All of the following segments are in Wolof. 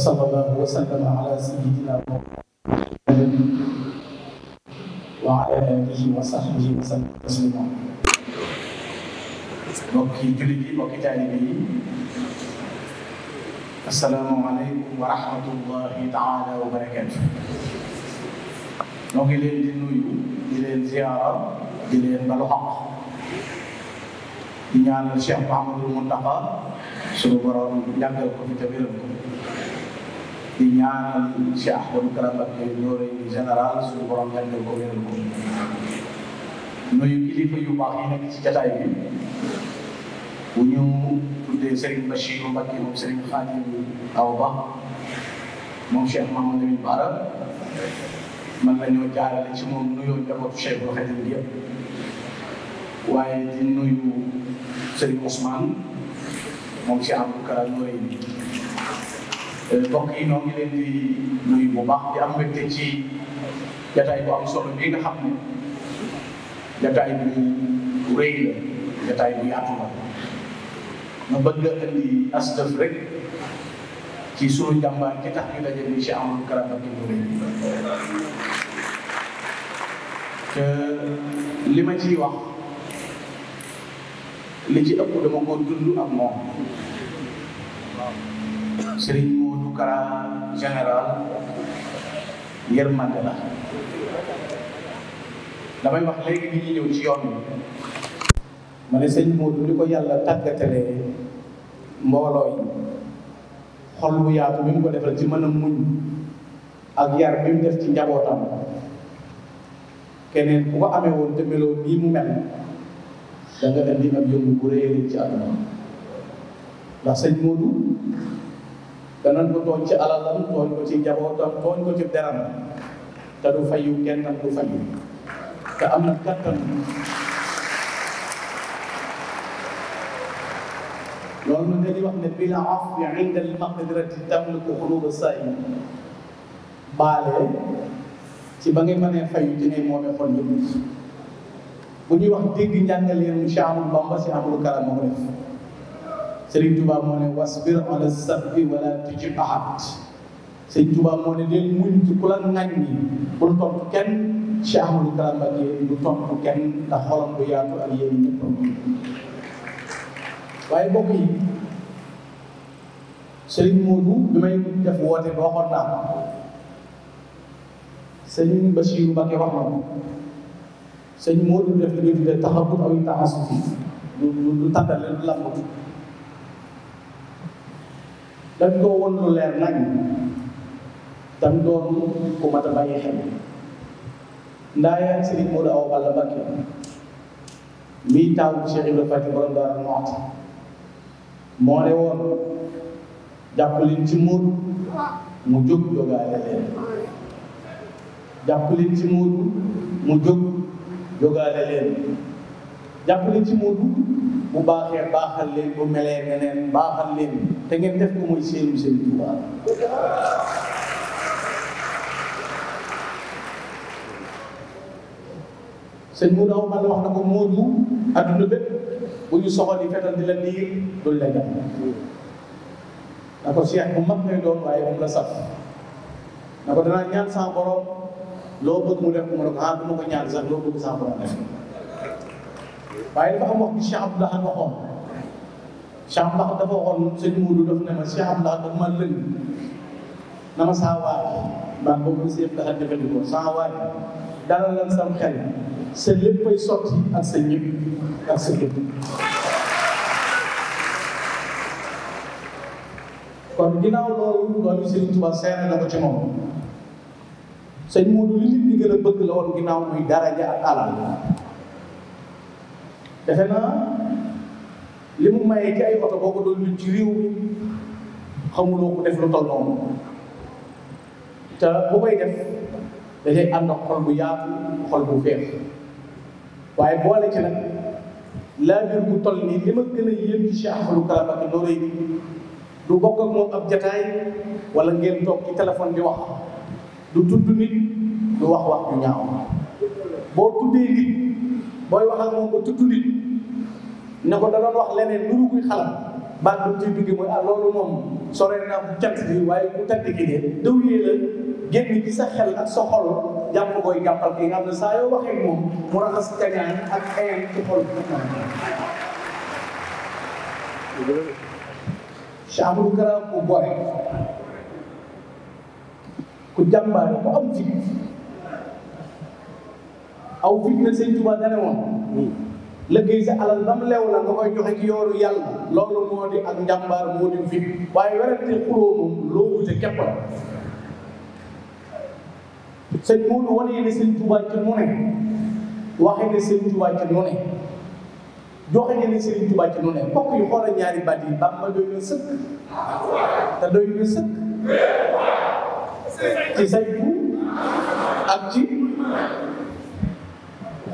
sallallahu wa sallam ala sayyidina Muhammadin wa ala alihi wa sahbihi wa sallam taslima mbokki jullit yi mbokki taalibe yi assalaamu aleykum wa rahmatullahi taala wa barakatuh noo ngi leen di nuyu di leen ziyaara di leen balu xaq di ñaanal Cheikh Mouhamadul Mountakha suñu borom yàggal ko fi te wéral ko di ñaanal Cheikh Ahmadou Kara Mbacké ñoore di général suñu borom yàggal ko wéral ko nuyu kilifa yu baax yi nekk ci jataay bi bu ñu tuddee Serigne Bachir Mbacké moom Serigne Khadim Awa Ba moom Cheikh Mamadou Lamine Bara man la ñoo jaarale ci moom nuyoo njabootu Cheikh bu Xadim bi yëpp waaye di nuyu Serigne Ousmane moom Cheikh Ahmadou Kara ñoore mbokk euh, yi noo leen di nuyu bu baax di am mbégte ci jataay bu am solo bi nga xam ne jataay bu rëy la jataay bu yaatu la ma bëgg a indi astaf rek ci sunu jàmbaar ci tax ñu daje ni ci amul karabat bu rëy te li ma ciy wax li ci ëpp dama ko dund ak moom sëriñ du grand général yërmande la damay wax léegi bi ñuy ñëw ci yoon bi ma sëñ Modou li ko yàlla tàggatalee mbooloo yi xol bu yaatu bi mu ko defal ci mën a muñ ak yar bi def ci njabootam keneen ku ko amee woon te meloo nii mu mel da nga indi ak yëngu bu rëy ci àdduna ndax sëñ Modou danañ ko tooñ ci alalam tooñ ko ci njabootam tooñ ko ci deram te du fayu kenn du fayu te am na kattan loolu nag dañuy wax ne bila afwi inda al maqdirati tamliku xulub saayim baale ci ba ngay mënee fayu ci ngay moomee xol yëpp bu ñuy wax dégg njàngaleen mu Cheikh Ahmadou Bamba si Ahmadou Karam moo Sëriñ Tuubaa moo ne wasbir ala sabbi wala tujib ahad Sëriñ Tuubaa moo ne leen muñ ku la ŋàññi bul tontu kenn Cheikh kenn ndax xolam bu yaatu ak yéen waaye mbokk yi Moodu bi may def woote ba waxoon naa ko Sëriñ Basiiru Mbacké wax na ko Sëriñ Moodu def li ñuy tuddee taxawut aw taxasufi du du tàggat leen lambatu dañ koo won lu leer nañ dañ doon ku mat a bàyyi xel ndaayaan Serigne Modou Awa Balla Mbacké mii taawu Cheikh Ibrahima Fati borom Daaru Muxti moo ne woon ci Modou mu jóg jógaale leen jàpp leen ci Modou mu jóg jógaale leen jàpp leen ci Modou bu baaxee baaxal leen bu melee neneen baaxal leen te ngeen def ko muy seenu seen Tuubaa sëñ Mourou Awa man la wax na ko Moodu adduna bépp bu ñu soxal di fetal di la niir loolu la jàpp na ko Cheikh bu mag ngay doon waaye moom la saf na ko danaa ñaan sa loo bëgg mu def ko mu ne ko ah du ma ko ñaan sax loo bëgg sa borom def waaye dafa am wax bi Cheikh Abdoulaye waxoon Cheikh Mbacke dafa waxoon sëñ Moudou daf ne ma Cheikh daf ma lëng na saa waay mbaa sa léppay sotti ak sa ñëpp ak sa lépp. bëgg la woon ginnaaw defe naa. li mu maye ci ay boo ko doon luñ ci réew mi xamuloo ko def lu toll noonu te bu koy def da cay ànd xol bu yaatu xol bu feex waaye boole ci nag laa biir bu toll nii li ma gën a yéem ci Cheikh Ahmadou Kara Mbacké Noreyni du bokk moom ab jataay wala ngeen toog ci téléphone bi wax du tudd nit du wax wax du ñaaw boo tuddee nit booy wax moom ba tudd nit ne ko dama doon wax leneen lu kuy xalam baat bu ciy duggee mooy ah, loolu moom soree naa bu cant bi waaye ku tedd ki de daw la génn ci sa xel ak sa xol jàpp koy jàppal ki nga xam ne saa yoo waxee moom mu raxas kañaan ak ayaan ci xol bi Cheikh Kara ku gore ku jàmbaare ku am fit aw fit na sëñ Tuubaa dane liggéey sa alal nam leew la nga koy joxe ci yooru yàlla loolu moo di ak njàmbaar moo di fit waaye werante xuloo moom loo wute képp la sëñ Moodu wane ne sëñ Tuubaa ci mu ci mu ne joxe ne sëñ Tuubaa ci mu ne mbokk yi xoolal ñaari baat yi Bàmba doy na sëkk te doy na sëkk ci saytu ak ci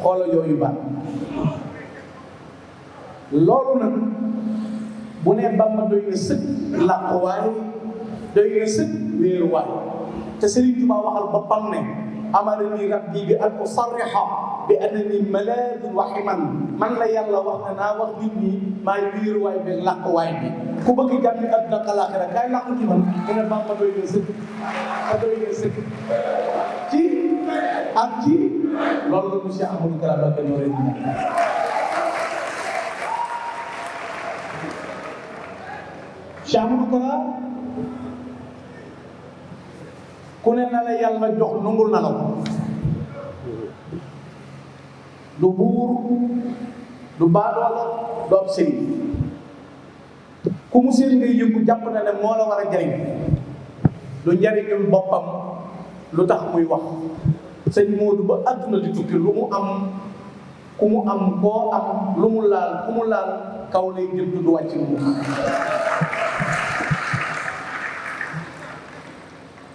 xoolal yooyu baat loolu bu ne Bàmba doy na sëkk làquwaay doy na sëkk wéeruwaay te a Tuubaa waxal boppam ne amarani rabbi bi an usarriha bi annani malaadun wa himan man la yàlla wax na naa wax nit ñi maay wéeruwaay bi làquwaay bi ku bëgg jàmm àdduna ak àllaaxira kaay làqu ci man mu ne Bàmba doy na sëkk ka doy na sëkk ci ak ci loolu la monsieur Amadou Kara Mbacké Cheikh Amadou Kara ku ne na la yàlla jox nungul na la ko buur du baadoola du ab sëriñ ku mu seen ngay yëngu jàpp na ne moo la war a jariñ du njariñul boppam lu tax muy wax sëñ Moodu ba àdduna di tukki lu mu am ku mu am koo am lu mu laal ku mu laal kaw lay jël du wàcc lu mu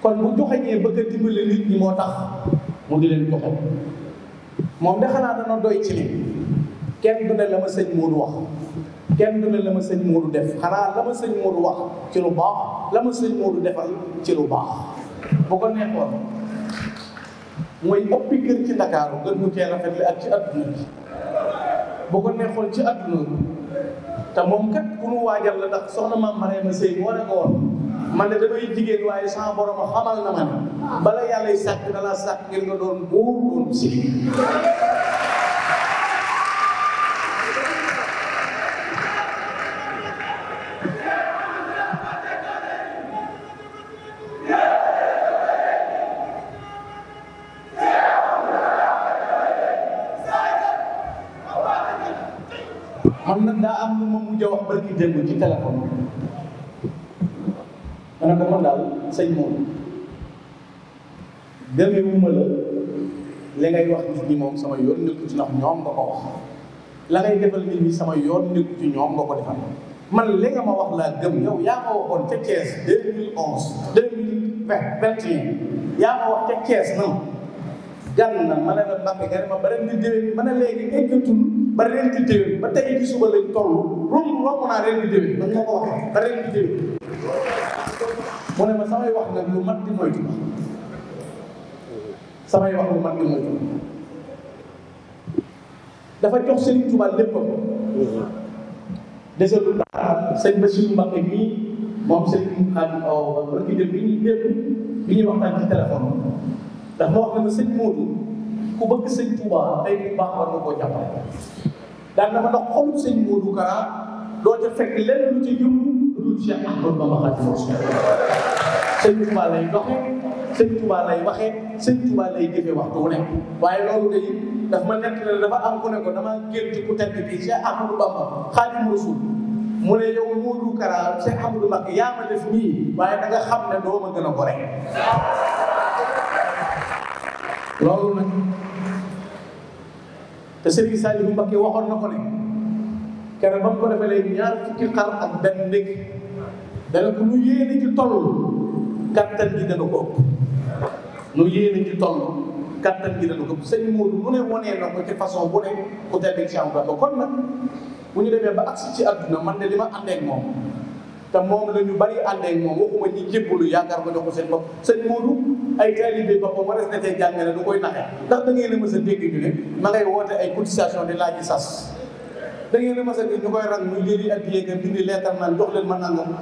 kon bu joxeñee bëgg a dimbale nit ñi moo tax mu di leen joxe moom de xanaa dana doy ci li kenn du la ma sëñ Moodu wax kenn du ne la ma sëñ Moodu def xanaa la ma sëñ Moodu wax ci lu baax la ma sëñ Moodu defal ci lu baax bu ko nekkoon mooy ëppi kër ci Ndakaaru gën mu teel a rafet li ak ci adduna bi bu ko neexoon ci adduna te moom kat ku mu waajal la ndax soxna maam Mariama Sëy moo ne ko woon man na de damay jigéen waaye sama borom a xamal na ma bala yàlla sàkk da laa sàkk nga doon buur doon si démb ci téléphone ma ne ko man daal sëñ moom gëmewuma la li ngay wax nit ñi moom sama yoon nekku ci ndax ñoom nga ko wax la ngay defal nit ñi sama yoon nekku ci ñoom nga ko defal man li nga ma wax laa gëm yow yaa ma waxoon ca Thiès 2011 2020 21 yaa ma wax ca Thiès nan gànn na ma ne la Mbacke gari ma ba ren di déwén ma ne léegi eggatul ba ren di déwén ba tey ci suba lañ toll romb romb naa ren di déwén man moo ko waxee ba ren di déwén mu ne ma samay wax nag lu mat di moytu samay wax lu mat dafa jox Serigne Touba léppam dese lu tax sëñ Bassirou Mbacké mii moom Serigne Khadim Awa Ba rëkk bi ñuy lépp bi ñuy waxtaan ci téléphone ndax ma wax ne ma sëñ Modou ku tey bu baax war nga koo jàppale daan na ma ndax xolu sëñ Modou Kara doo ca fekk lenn lu ci yëngu lu dul Cheikh Ahmadou Bamba Xaadimu Rasuul sëñ Touba lay doxe sëñ Touba lay waxe sëñ waxtu wu waaye loolu day daf ma na la dafa am ku ne ko dama gént ku tedd bi Cheikh Ahmadou Bamba Xaadimu Rasuul mu ne yow Modou Kara Cheikh Ahmadou Mbacké yaa ma def nii waaye da xam ne doo gën a gore te yi Serigne Saliou Mbacké waxoon na ko ne kenn ba mu ko defee léegi ñaar fukki xar ak benn ndékk dana ko nu yéene ci toll kattan gi dana ko ëpp nu yéene ci toll kattan gi dana ko ëpp sëñ Moodu mu ne wanee na ko ci façon bu ne ku tedd ci am ba kon nag bu ñu demee ba agsi ci àdduna man ne li ma àndeek moom te moom la ñu bari àndeek moom waxuma ñi lu yaakaar ko jox ko seen bopp seen Moodu ay taalibe boppam waras na cee jàngale du koy naxe ndax da ngeen a mës a dégg ñu ne ma ngay woote ay cotisation di laaj sas da ngeen a mës a ñu koy rang muy léegi ak yéega bindi leetar naan jox leen ma nangam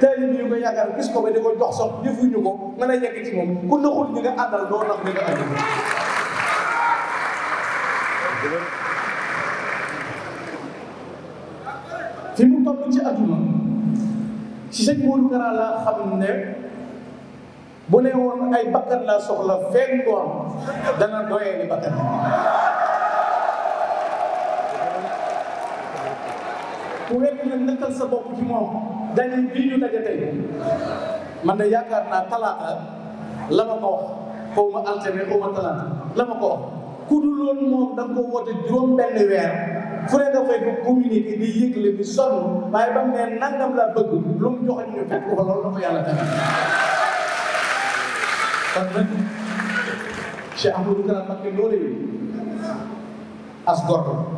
taalibe yu ko yaakaar gis ko ba di ko jox sox defuñu ko mën a yegg ci moom ku naxul ñi nga àndal doo nax ni nga àndal fi mu toll ci adduna si sëñ Modou Kara laa xam ne bu ne woon ay bakkan laa soxla feeñ ngoon dana doyee bakkan ku wekk nekkal sa bopp ci moom dañu bii ñu daje tey man de yaakaar naa talaata la ma ko wax xaw ma altine xaw ma talaata ko wax ku moom da nga ko woote juróom benn weer fu ne dafay ko communiqué di yëgle bi sonn waaye ba mu ne nangam laa bëgg lu mu joxe ñu fekk ko loolu la ko yàlla def kon nag Cheikh Ahmadou Kara Mbacké loolee as gor